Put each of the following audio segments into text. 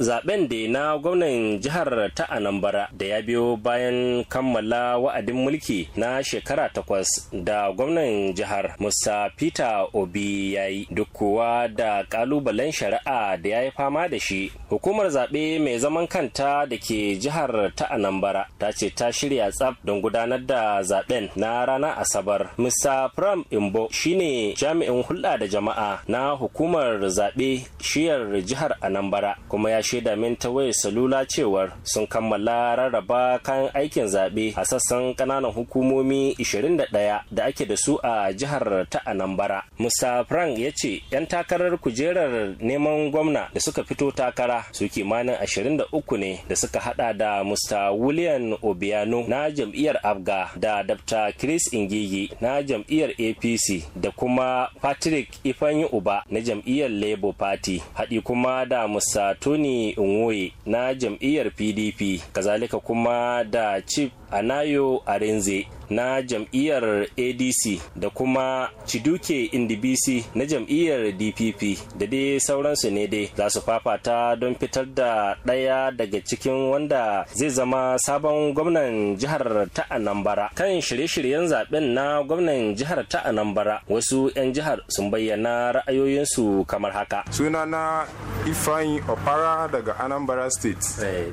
zaben da na gwamnan jihar ta anambra da ya biyo bayan kammala wa'adin mulki na shekara takwas da gwamnan jihar musa peter obi ya yi duk kuwa da kalubalen shari'a da ya yi fama da shi hukumar zaɓe mai zaman kanta da ke jihar ta anambra ta ce ta shirya tsaf don gudanar da zaben na rana asabar mr pram imbo shine jami'in hulɗa da jama'a na hukumar zaɓe shiyar jihar anambra kuma ya ya shaida min ta salula cewar sun kammala rarraba kayan aikin zaɓe a sassan ƙananan hukumomi 21 da ake da su a jihar ta anambara Musa Frank ya ce 'yan takarar kujerar neman gwamna da suka fito takara su kimanin 23 ne da suka hada da Musta William Obiano na jam'iyyar Abga da Dr. Chris Ingigi na jam'iyyar APC da kuma Patrick Ifanyi Uba na jam'iyyar Labour Party haɗi kuma da Musta Tony Nwoye na jam'iyyar PDP, kazalika kuma da Chief anayo arenze na jam'iyyar adc da kuma chiduke indibisi na jam'iyyar dpp da dai sauransu ne dai za su fafata don fitar da ɗaya daga cikin wanda zai zama sabon gwamnan jihar ta Anambra kan shirye-shiryen zaben na gwamnan jihar ta Anambra wasu 'yan jihar sun bayyana ra'ayoyinsu kamar haka sunana ifeanyi opara daga anambra state eh.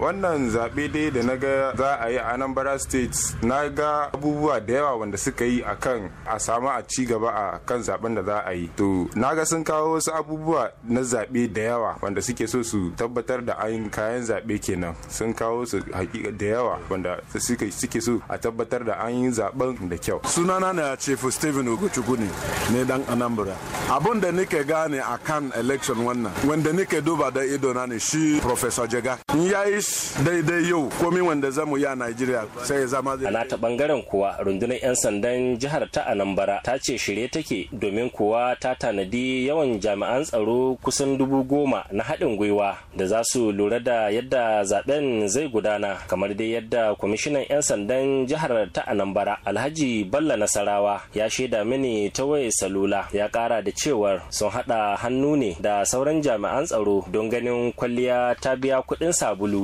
wannan zaɓe dai da na ga za a yi a anambra state na ga abubuwa da yawa wanda suka yi a kan a samu a ci gaba a kan zaben da za a yi to na ga sun kawo wasu abubuwa na zaɓe da yawa wanda suke so su tabbatar da ayin kayan zaɓe kenan sun kawo su hakika da yawa wanda suke so a tabbatar da an yi zaben da kyau sunana na ce steven ogochukwu ne ne dan anambra abun da nake gane a kan election wannan wanda nake duba da ido na ne shi professor jega in yayi daidai yau komi wanda zamu yi a nigeria Najeriya sai ya zama zai. A nata bangaren kuwa rundunar 'yan sandan jihar ta Anambra ta ce shirye take domin kuwa ta tanadi yawan jami'an tsaro kusan dubu goma na haɗin gwiwa da za su lura da yadda zaben zai gudana kamar dai yadda kwamishinan 'yan sandan jihar ta Anambra Alhaji Balla Nasarawa ya shaida mini ta waye salula ya kara da cewar sun haɗa hannu ne da sauran jami'an tsaro don ganin kwalliya ta biya kuɗin sabulu